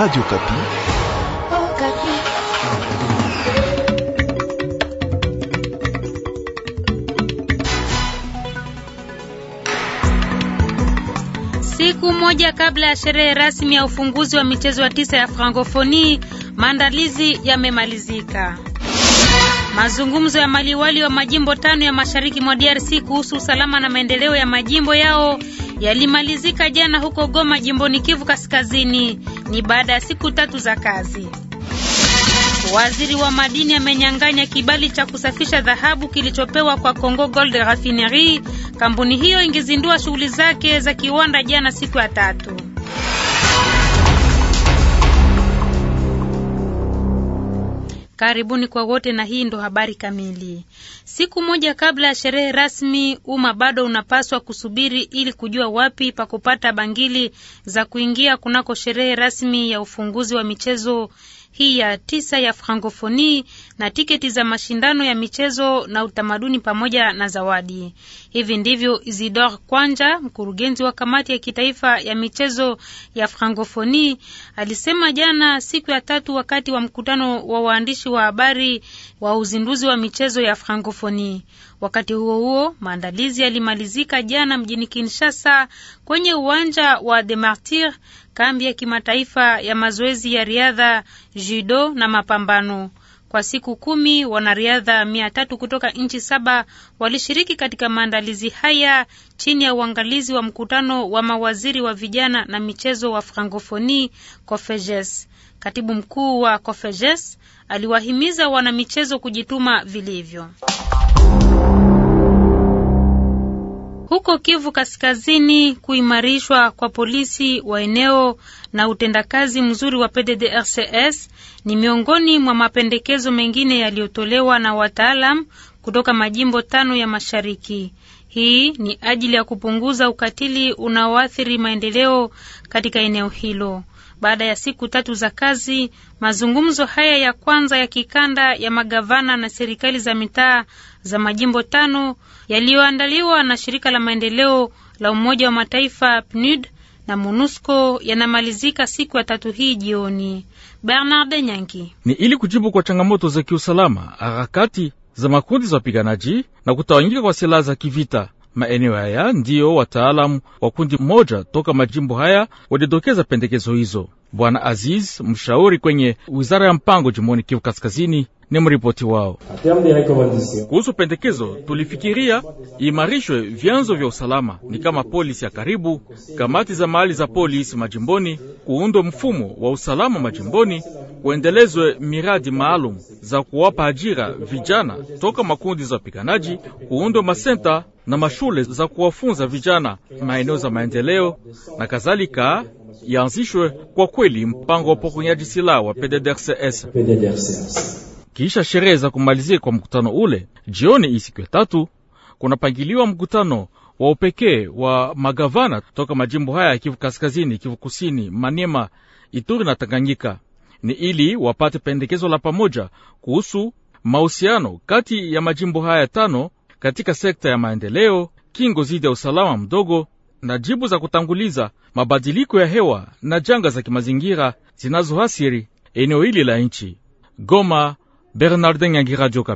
Radio Kapi. Oh, Kapi. Siku moja kabla ya sherehe rasmi ya ufunguzi wa michezo ya tisa ya Francophonie, maandalizi yamemalizika. Mazungumzo ya maliwali wa majimbo tano ya mashariki mwa DRC kuhusu usalama na maendeleo ya majimbo yao yalimalizika jana huko Goma jimboni Kivu Kaskazini ni baada ya siku tatu za kazi. Waziri wa madini amenyang'anya kibali cha kusafisha dhahabu kilichopewa kwa Congo Gold Refinery. Kampuni hiyo ingezindua shughuli zake za kiwanda jana siku ya tatu. Karibuni kwa wote na hii ndo habari kamili. Siku moja kabla ya sherehe rasmi, umma bado unapaswa kusubiri ili kujua wapi pa kupata bangili za kuingia kunako sherehe rasmi ya ufunguzi wa michezo hii ya tisa ya Frankofoni na tiketi za mashindano ya michezo na utamaduni pamoja na zawadi. Hivi ndivyo isidor Kwanja, mkurugenzi wa kamati ya kitaifa ya michezo ya Frankofoni, alisema jana siku ya tatu wakati wa mkutano wa waandishi wa habari wa uzinduzi wa michezo ya Frankofoni. Wakati huo huo, maandalizi yalimalizika jana mjini Kinshasa kwenye uwanja wa De Martyrs kambi ya kimataifa ya mazoezi ya riadha judo na mapambano. Kwa siku kumi wanariadha mia tatu kutoka nchi saba walishiriki katika maandalizi haya chini ya uangalizi wa mkutano wa mawaziri wa vijana na michezo wa Francophonie COFEGES. Katibu mkuu wa COFEGES aliwahimiza wanamichezo kujituma vilivyo. Huko Kivu Kaskazini, kuimarishwa kwa polisi wa eneo na utendakazi mzuri wa PDDRCS ni miongoni mwa mapendekezo mengine yaliyotolewa na wataalam kutoka majimbo tano ya mashariki. Hii ni ajili ya kupunguza ukatili unaoathiri maendeleo katika eneo hilo. Baada ya siku tatu za kazi, mazungumzo haya ya kwanza ya kikanda ya magavana na serikali za mitaa za majimbo tano yaliyoandaliwa na shirika la maendeleo la Umoja wa Mataifa PNUD na MONUSCO yanamalizika siku ya tatu hii jioni. Bernard Nyangi. Ni ili kujibu kwa changamoto za kiusalama, harakati za makundi za wapiganaji na kutawanyika kwa silaha za kivita. Maeneo haya ndiyo wataalamu wa kundi moja toka majimbo haya walidokeza pendekezo hizo. Bwana Aziz, mshauri kwenye wizara ya mpango jimboni Kivu Kaskazini, ni mripoti wao kuhusu pendekezo. Tulifikiria imarishwe vyanzo vya usalama, ni kama polisi ya karibu, kamati za mahali za polisi majimboni, kuundwe mfumo wa usalama majimboni, kuendelezwe miradi maalum za kuwapa ajira vijana toka makundi za wapiganaji, kuundwe masenta na mashule za kuwafunza vijana maeneo za maendeleo na kadhalika, yaanzishwe kwa kweli mpango wa pokonyaji silaha wa PDDRCS. Kisha sherehe za kumalizia kwa mkutano ule, jioni isiku ya tatu kunapangiliwa mkutano wa upekee wa magavana toka majimbo haya ya Kivu Kaskazini, Kivu Kusini, Maniema, Ituri na Tanganyika. Ni ili wapate pendekezo la pamoja kuhusu mahusiano kati ya majimbo haya tano katika sekta ya maendeleo, kingo zidi ya usalama mdogo na jibu za kutanguliza mabadiliko ya hewa na janga za kimazingira zinazoasiri eneo hili la nchi. Goma, Bernardin Nyangi, Radio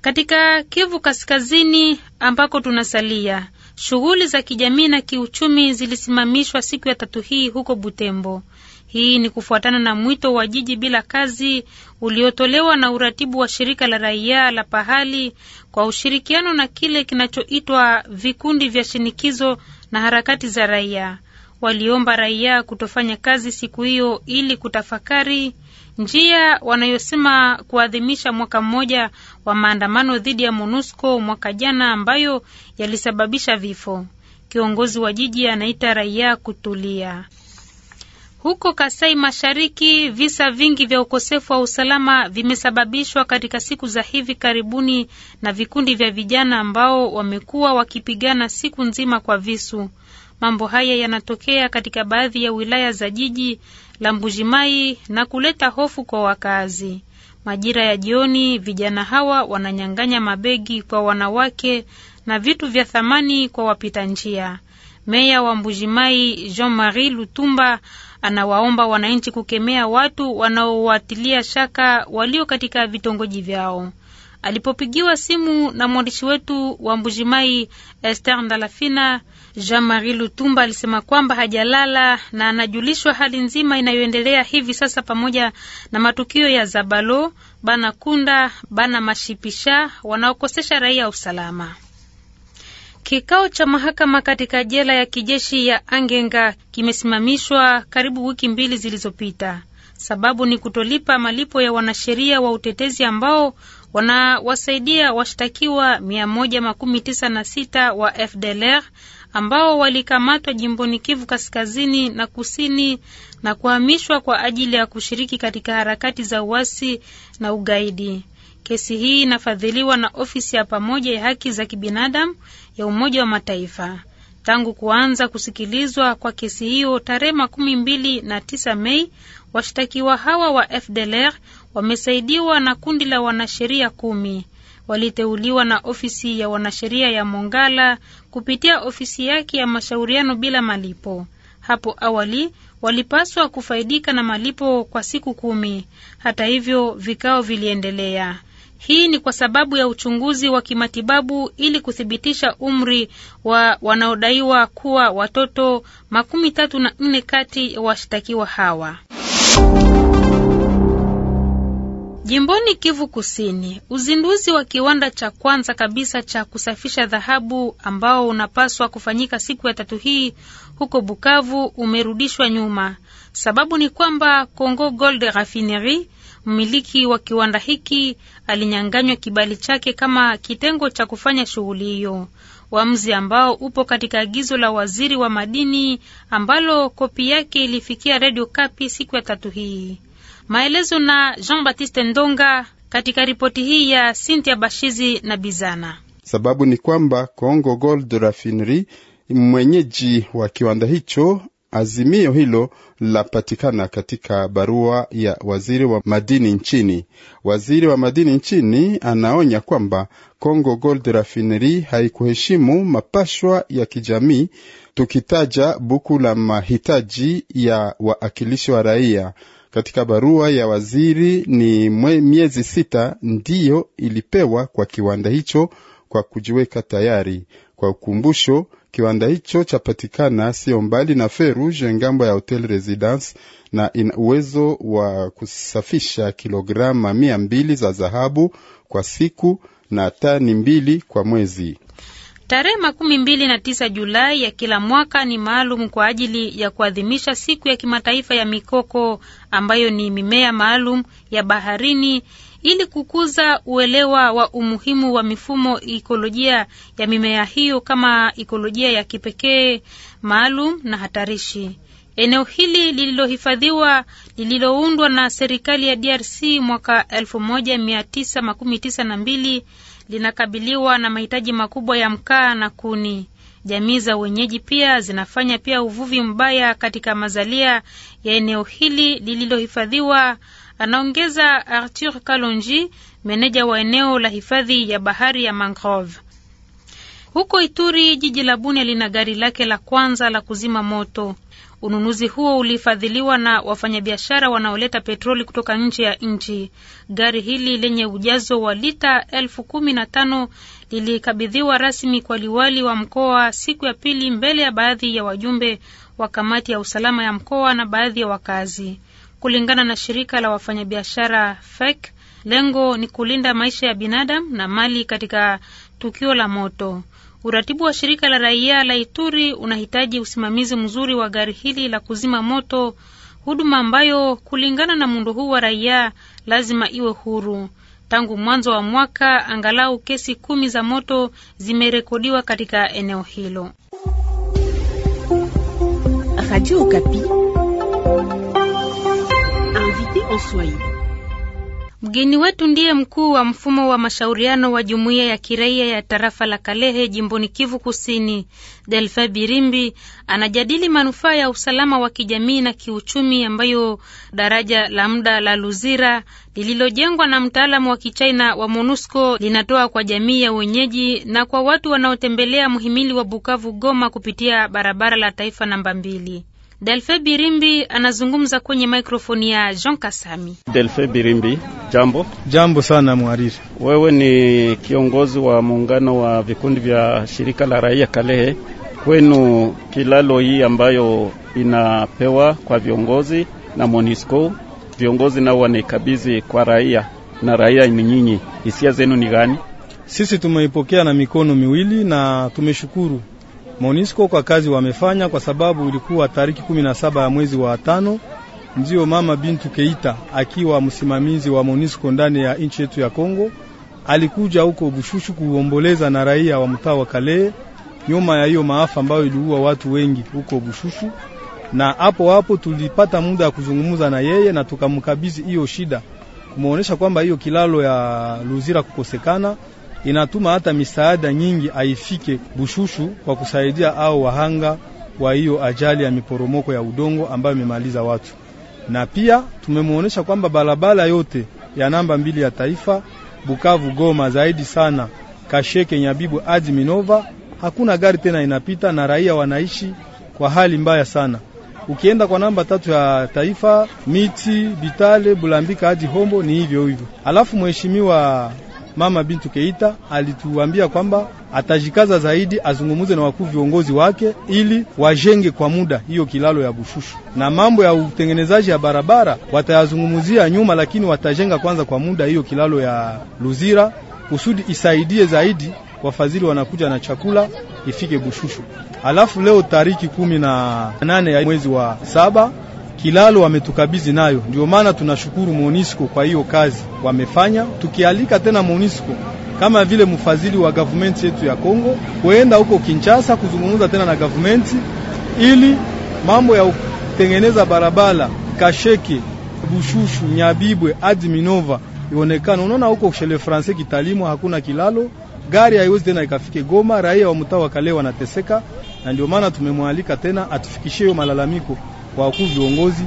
Katika Kivu Kaskazini ambako tunasalia, shughuli za kijamii na kiuchumi zilisimamishwa siku ya tatu hii huko Butembo. Hii ni kufuatana na mwito wa jiji bila kazi uliotolewa na uratibu wa shirika la raia la pahali kwa ushirikiano na kile kinachoitwa vikundi vya shinikizo na harakati za raia. Waliomba raia kutofanya kazi siku hiyo ili kutafakari njia wanayosema kuadhimisha mwaka mmoja wa maandamano dhidi ya MONUSCO mwaka jana ambayo yalisababisha vifo. Kiongozi wa jiji anaita raia kutulia. Huko Kasai Mashariki, visa vingi vya ukosefu wa usalama vimesababishwa katika siku za hivi karibuni na vikundi vya vijana ambao wamekuwa wakipigana siku nzima kwa visu. Mambo haya yanatokea katika baadhi ya wilaya za jiji la Mbujimai na kuleta hofu kwa wakazi. Majira ya jioni, vijana hawa wananyang'anya mabegi kwa wanawake na vitu vya thamani kwa wapita njia. Meya wa Mbujimai Jean Marie Lutumba anawaomba wananchi kukemea watu wanaowatilia shaka walio katika vitongoji vyao. Alipopigiwa simu na mwandishi wetu wa Mbujimai Esther Ndalafina, Jean Marie Lutumba alisema kwamba hajalala na anajulishwa hali nzima inayoendelea hivi sasa pamoja na matukio ya Zabalo, Bana Kunda, Bana Mashipisha wanaokosesha raia usalama. Kikao cha mahakama katika jela ya kijeshi ya Angenga kimesimamishwa karibu wiki mbili zilizopita. Sababu ni kutolipa malipo ya wanasheria wa utetezi ambao wanawasaidia washtakiwa 196 wa FDLR ambao walikamatwa jimboni Kivu kaskazini na kusini na kuhamishwa kwa ajili ya kushiriki katika harakati za uasi na ugaidi. Kesi hii inafadhiliwa na ofisi ya pamoja ya haki za kibinadamu ya Umoja wa Mataifa. Tangu kuanza kusikilizwa kwa kesi hiyo tarehe makumi mbili na tisa Mei, washtakiwa hawa wa FDLR wamesaidiwa na kundi la wanasheria kumi waliteuliwa na ofisi ya wanasheria ya Mongala kupitia ofisi yake ya mashauriano bila malipo. Hapo awali walipaswa kufaidika na malipo kwa siku kumi. Hata hivyo, vikao viliendelea. Hii ni kwa sababu ya uchunguzi wa kimatibabu ili kuthibitisha umri wa wanaodaiwa kuwa watoto makumi tatu na nne kati ya washtakiwa hawa. Jimboni Kivu Kusini, uzinduzi wa kiwanda cha kwanza kabisa cha kusafisha dhahabu ambao unapaswa kufanyika siku ya tatu hii huko Bukavu umerudishwa nyuma. Sababu ni kwamba Congo Gold Refinery Mmiliki wa kiwanda hiki alinyang'anywa kibali chake kama kitengo cha kufanya shughuli hiyo, uamuzi ambao upo katika agizo la waziri wa madini ambalo kopi yake ilifikia Radio Kapi siku ya tatu hii. Maelezo na Jean Baptiste Ndonga katika ripoti hii ya Cynthia Bashizi na Bizana. Sababu ni kwamba Congo Gold Rafinery mwenyeji wa kiwanda hicho Azimio hilo lapatikana katika barua ya waziri wa madini nchini. Waziri wa madini nchini anaonya kwamba Congo Gold Refinery haikuheshimu mapashwa ya kijamii, tukitaja buku la mahitaji ya waakilishi wa raia. Katika barua ya waziri, ni miezi sita ndiyo ilipewa kwa kiwanda hicho kwa kujiweka tayari. Kwa ukumbusho Kiwanda hicho chapatikana sio mbali na Feruge ngambo ya Hotel Residence na ina uwezo wa kusafisha kilograma mia mbili za dhahabu kwa siku na tani mbili kwa mwezi. Tarehe makumi mbili na tisa Julai ya kila mwaka ni maalum kwa ajili ya kuadhimisha siku ya kimataifa ya mikoko ambayo ni mimea maalum ya baharini ili kukuza uelewa wa umuhimu wa mifumo ikolojia ya mimea hiyo kama ikolojia ya kipekee maalum na hatarishi. Eneo hili lililohifadhiwa lililoundwa na serikali ya DRC mwaka 1992 linakabiliwa na mahitaji makubwa ya mkaa na kuni. Jamii za wenyeji pia zinafanya pia uvuvi mbaya katika mazalia ya eneo hili lililohifadhiwa Anaongeza Arthur Kalonji, meneja wa eneo la hifadhi ya bahari ya mangrove. Huko Ituri, jiji la Bunia lina gari lake la kwanza la kuzima moto. Ununuzi huo ulifadhiliwa na wafanyabiashara wanaoleta petroli kutoka nje ya nchi. Gari hili lenye ujazo wa lita elfu kumi na tano lilikabidhiwa rasmi kwa liwali wa mkoa siku ya pili mbele ya baadhi ya wajumbe wa kamati ya usalama ya mkoa na baadhi ya wakazi. Kulingana na shirika la wafanyabiashara FEC, lengo ni kulinda maisha ya binadamu na mali katika tukio la moto. Uratibu wa shirika la raia la Ituri unahitaji usimamizi mzuri wa gari hili la kuzima moto, huduma ambayo kulingana na muundo huu wa raia lazima iwe huru. Tangu mwanzo wa mwaka, angalau kesi kumi za moto zimerekodiwa katika eneo hilo. Radio Oswai. Mgeni wetu ndiye mkuu wa mfumo wa mashauriano wa jumuiya ya kiraia ya tarafa la Kalehe jimboni Kivu Kusini. Delfa Birimbi anajadili manufaa ya usalama wa kijamii na kiuchumi ambayo daraja la muda la Luzira lililojengwa na mtaalamu wa Kichina wa MONUSCO linatoa kwa jamii ya wenyeji na kwa watu wanaotembelea mhimili wa Bukavu Goma kupitia barabara la taifa namba mbili. Delfe Birimbi anazungumza kwenye maikrofoni ya Jean Kasami. Delfe Birimbi, jambo. Jambo sana mwariri Wewe ni kiongozi wa muungano wa vikundi vya shirika la raia Kalehe. Kwenu kilalo hii ambayo inapewa kwa viongozi na Monisco, viongozi nao wanaikabidhi kwa raia na raia ni nyinyi, hisia zenu ni gani? Sisi tumeipokea na mikono miwili na tumeshukuru Monisco kwa kazi wamefanya, kwa sababu ilikuwa tariki 17 ya mwezi wa tano ndiyo mama Bintu Keita akiwa msimamizi wa Monisco ndani ya nchi yetu ya Kongo alikuja huko Bushushu kuomboleza na raia wa mtaa wa Kale nyuma ya hiyo maafa ambayo iliua watu wengi huko Bushushu, na hapo hapo tulipata muda ya kuzungumza na yeye na tukamkabidhi hiyo shida, kumuonesha kwamba hiyo kilalo ya Luzira kukosekana inatuma hata misaada nyingi haifike Bushushu kwa kusaidia ao wahanga wa hiyo ajali ya miporomoko ya udongo ambayo imemaliza watu, na pia tumemwonyesha kwamba barabara yote ya namba mbili ya taifa Bukavu Goma, zaidi sana Kasheke Nyabibu hadi Minova, hakuna gari tena inapita na raia wanaishi kwa hali mbaya sana. Ukienda kwa namba tatu ya taifa Miti Bitale Bulambika hadi Hombo ni hivyo hivyo. Alafu mheshimiwa Mama Bintu Keita alituambia kwamba atajikaza zaidi azungumuze na wakuu viongozi wake ili wajenge kwa muda hiyo kilalo ya Bushushu, na mambo ya utengenezaji ya barabara watayazungumuzia nyuma, lakini watajenga kwanza kwa muda hiyo kilalo ya Luzira kusudi isaidie zaidi wafadhili wanakuja na chakula ifike Bushushu. Alafu leo tariki kumi na nane ya mwezi wa saba Kilalo ametukabizi nayo, ndio maana tunashukuru Monisco kwa hiyo kazi wamefanya, tukialika tena Monisco kama vile mfadhili wa gavumenti yetu ya Kongo kuenda huko Kinshasa kuzungumza tena na gavumenti ili mambo ya kutengeneza barabara Kasheke, Bushushu, Nyabibwe hadi Minova ionekana. Unaona huko shele français kitalimwa hakuna kilalo, gari haiwezi tena ikafike Goma, raia wa mtaa wa Kale wanateseka, na ndio maana tumemwalika tena atufikishie hiyo malalamiko wakuu viongozi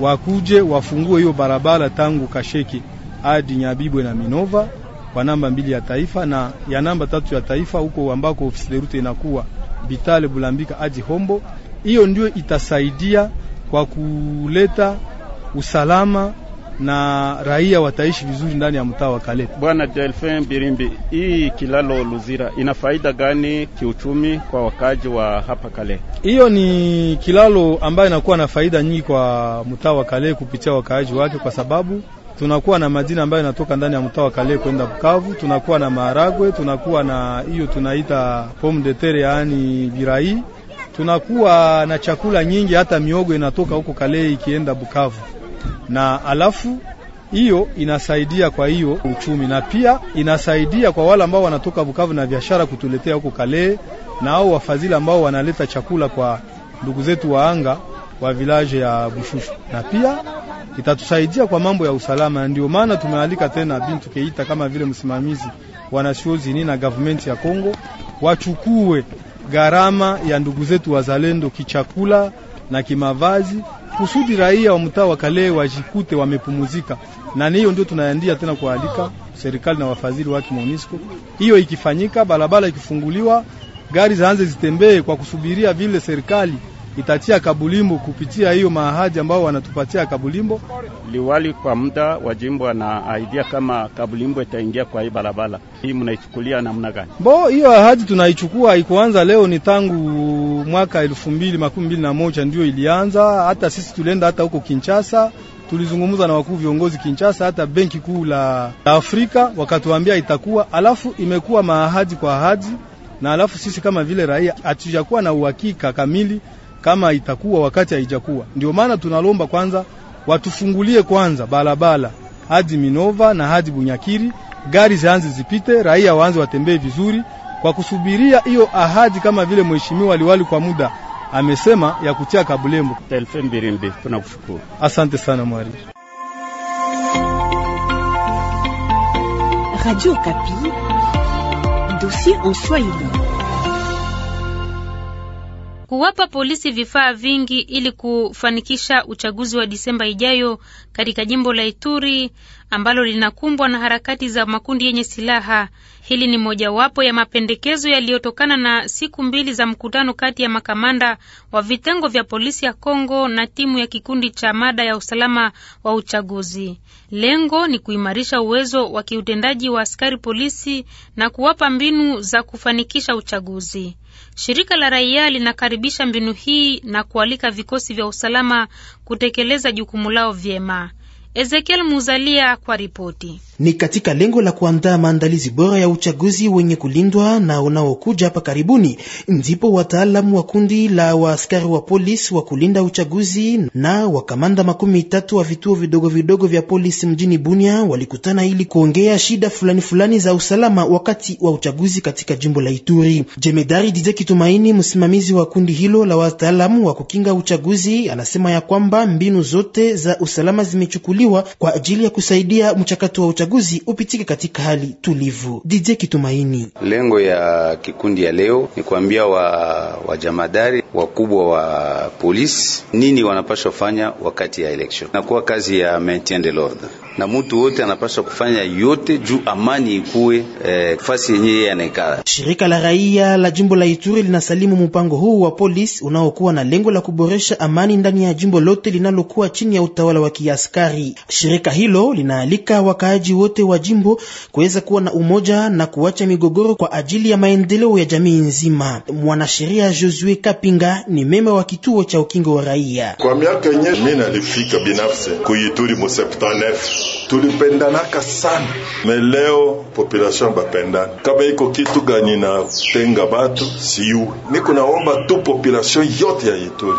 wakuje wafungue hiyo barabara tangu Kasheke hadi Nyabibwe na Minova kwa namba mbili ya taifa na ya namba tatu ya taifa huko ambako ofisi de route inakuwa Bitale Bulambika hadi Hombo. Hiyo ndio itasaidia kwa kuleta usalama na raia wataishi vizuri ndani ya mtaa wa Kalehe. Bwana Delfin Birimbi, hii kilalo Luzira ina faida gani kiuchumi kwa wakaji wa hapa Kalehe? Hiyo ni kilalo ambayo inakuwa na faida nyingi kwa mtaa wa Kalehe kupitia wakaaji wake, kwa sababu tunakuwa na madini ambayo inatoka ndani ya mtaa wa Kalehe kwenda Bukavu, tunakuwa na maharagwe, tunakuwa na hiyo tunaita pomme de terre, yaani birai, tunakuwa na chakula nyingi, hata miogo inatoka huko Kalehe ikienda Bukavu na alafu hiyo inasaidia kwa hiyo uchumi na pia inasaidia kwa wale ambao wanatoka Bukavu na biashara kutuletea huko Kale, na hao wafadhili ambao wanaleta chakula kwa ndugu zetu wa anga wa vilaje ya Bushushu, na pia itatusaidia kwa mambo ya usalama. Ndio maana tumealika tena Bintu Keita kama vile msimamizi wanasiozini na gavumenti ya Kongo wachukue gharama ya ndugu zetu wazalendo kichakula na kimavazi kusudi raia wa mtaa wa Kalehe wajikute wamepumuzika. Na hiyo ndio tunaandia tena kualika serikali na wafadhili wake MONUSCO, hiyo ikifanyika, barabara ikifunguliwa, gari zaanze zitembee kwa kusubiria vile serikali itatia Kabulimbo kupitia hiyo maahadi ambao wanatupatia Kabulimbo. Liwali kwa muda wa jimbo aidia kama Kabulimbo itaingia kwa hii barabara hii, mnaichukulia namna gani? Bo, hiyo ahadi tunaichukua, ikuanza leo, ni tangu mwaka elfu mbili makumi mbili na moja ndio ilianza. Hata sisi tulienda hata huko Kinshasa tulizungumza na wakuu viongozi Kinshasa, hata benki kuu la Afrika wakatuambia itakuwa, alafu imekuwa maahadi kwa ahadi, na alafu sisi kama vile raia hatujakuwa na uhakika kamili kama itakuwa wakati haijakuwa. Ndio maana tunalomba kwanza watufungulie kwanza barabara hadi Minova na hadi Bunyakiri, gari zianze zipite, raia waanze watembee vizuri, kwa kusubiria hiyo ahadi kama vile mheshimiwa aliwali kwa muda amesema ya kutia Kabulembo. Tunakushukuru, asante sana mwariri. Radio Kapi, dossier en Swahili kuwapa polisi vifaa vingi ili kufanikisha uchaguzi wa Disemba ijayo katika jimbo la Ituri ambalo linakumbwa na harakati za makundi yenye silaha. Hili ni mojawapo ya mapendekezo yaliyotokana na siku mbili za mkutano kati ya makamanda wa vitengo vya polisi ya Kongo na timu ya kikundi cha mada ya usalama wa uchaguzi. Lengo ni kuimarisha uwezo wa kiutendaji wa askari polisi na kuwapa mbinu za kufanikisha uchaguzi. Shirika la raia linakaribisha mbinu hii na kualika vikosi vya usalama kutekeleza jukumu lao vyema. Ezekiel Muzalia kwa ripoti. Ni katika lengo la kuandaa maandalizi bora ya uchaguzi wenye kulindwa na unaokuja hapa karibuni, ndipo wataalamu wa kundi la waaskari wa polisi wa kulinda uchaguzi na wakamanda makumi tatu wa vituo vidogo vidogo vya polisi mjini Bunia walikutana ili kuongea shida fulani fulani za usalama wakati wa uchaguzi katika jimbo la Ituri. Jemedari Dideki Tumaini, msimamizi wa kundi hilo la wataalamu wa kukinga uchaguzi, anasema ya kwamba mbinu zote za usalama zimechukuliwa kuchaguliwa kwa ajili ya kusaidia mchakato wa uchaguzi upitike katika hali tulivu. DJ Kitumaini, lengo ya kikundi ya leo ni kuambia wajamadari wa wakubwa wa polisi nini wanapaswa fanya wakati ya election, nakuwa kazi ya maintien de l'ordre, na mutu wote anapaswa kufanya yote juu amani ikuwe eh, fasi yenye yeye anaikala. Shirika la raia la jimbo la Ituri linasalimu mpango huu wa polisi unaokuwa na lengo la kuboresha amani ndani ya jimbo lote linalokuwa chini ya utawala wa kiaskari. Shirika hilo linaalika wakaaji wote wa jimbo kuweza kuwa na umoja na kuacha migogoro kwa ajili ya maendeleo ya jamii nzima. Mwanasheria Josue Kapinga ni mema wa kituo cha ukingo wa raia. Kwa miaka yenye mimi nalifika binafsi kuituri mu 79 tulipendanaka sana, leo population bapendana kama iko kitu gani na tenga batu siu, niko naomba tu population yote ya Ituri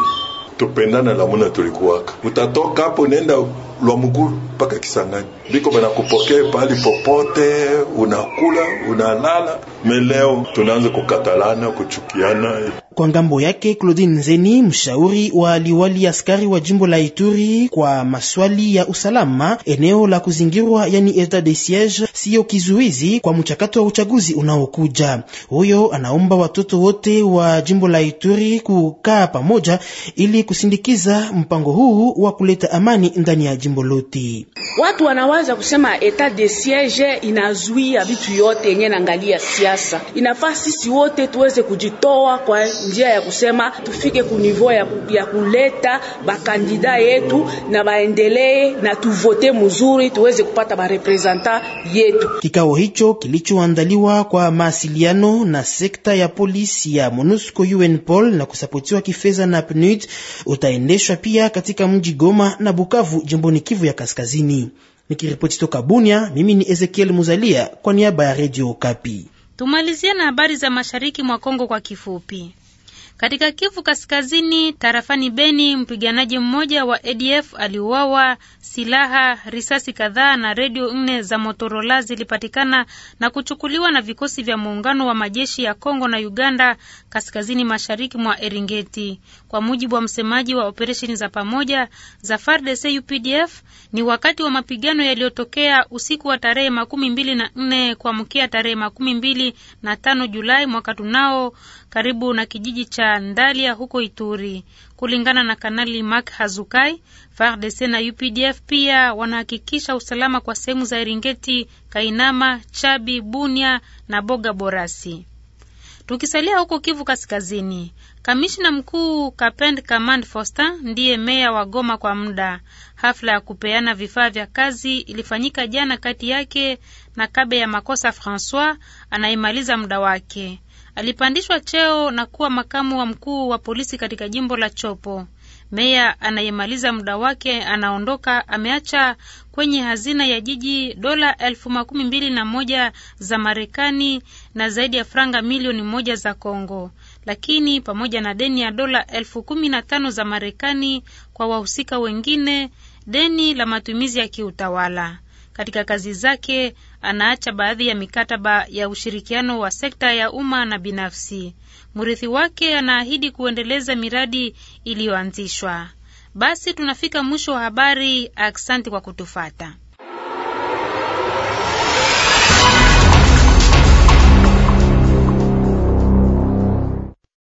tupendane, lamuna tulikuwaka, utatoka hapo nenda Lwamguru mpaka Kisangani, biko banakupokea pahali popote, unakula unalala. Meleo tunaanza kukatalana, kuchukiana. Kwa ngambo yake, Claudine Nzeni, mshauri wa liwali askari wa jimbo la Ituri kwa maswali ya usalama, eneo la kuzingirwa yani etat de siege siyo kizuizi kwa mchakato wa uchaguzi unaokuja. Huyo anaomba watoto wote wa jimbo la Ituri kukaa pamoja ili kusindikiza mpango huu wa kuleta amani ndani ya jimbo lote. Watu wanawaza kusema etat de siege inazuia vitu yote yenye naangalia siasa. Inafaa sisi wote tuweze kujitoa kwa njia ya kusema tufike kunivo ya, ya kuleta bakandida yetu na baendelee na tuvote mzuri tuweze kupata barepresenta yetu. Kikao hicho kilichoandaliwa kwa maasiliano na sekta ya polisi ya MONUSCO UNPOL na kusapotiwa kifedha na PNUD utaendeshwa pia katika mji Goma na Bukavu jimboni Kivu ya Kaskazini. Nikiripoti toka Bunia, mimi ni Ezekiel Muzalia kwa niaba ya Radio Kapi. Tumalizia na habari za mashariki mwa Kongo kwa kifupi. Katika Kivu Kaskazini, tarafani Beni, mpiganaji mmoja wa ADF aliuawa. Silaha, risasi kadhaa na redio nne za Motorola zilipatikana na kuchukuliwa na vikosi vya muungano wa majeshi ya Kongo na Uganda kaskazini mashariki mwa Eringeti, kwa mujibu wa msemaji wa operesheni za pamoja za FARDC UPDF. Ni wakati wa mapigano yaliyotokea usiku wa tarehe makumi mbili na nne kuamkia tarehe makumi mbili na tano Julai mwaka tunao karibu na kijiji cha Ndalia huko Ituri. Kulingana na Kanali Mark Hazukai, FARDC na UPDF pia wanahakikisha usalama kwa sehemu za Eringeti, Kainama, Chabi, Bunia na Boga Borasi. Tukisalia huko Kivu Kaskazini, kamishina mkuu Kapend Command Foster ndiye meya wa Goma kwa muda. Hafla ya kupeana vifaa vya kazi ilifanyika jana kati yake na Kabe ya Makosa Francois anayemaliza muda wake alipandishwa cheo na kuwa makamu wa mkuu wa polisi katika jimbo la Chopo. Meya anayemaliza muda wake anaondoka, ameacha kwenye hazina ya jiji dola elfu makumi mbili na moja za Marekani na zaidi ya franga milioni moja za Kongo, lakini pamoja na deni ya dola elfu kumi na tano za Marekani kwa wahusika wengine, deni la matumizi ya kiutawala. Katika kazi zake anaacha baadhi ya mikataba ya ushirikiano wa sekta ya umma na binafsi. Mrithi wake anaahidi kuendeleza miradi iliyoanzishwa. Basi tunafika mwisho wa habari. Aksanti kwa kutufata.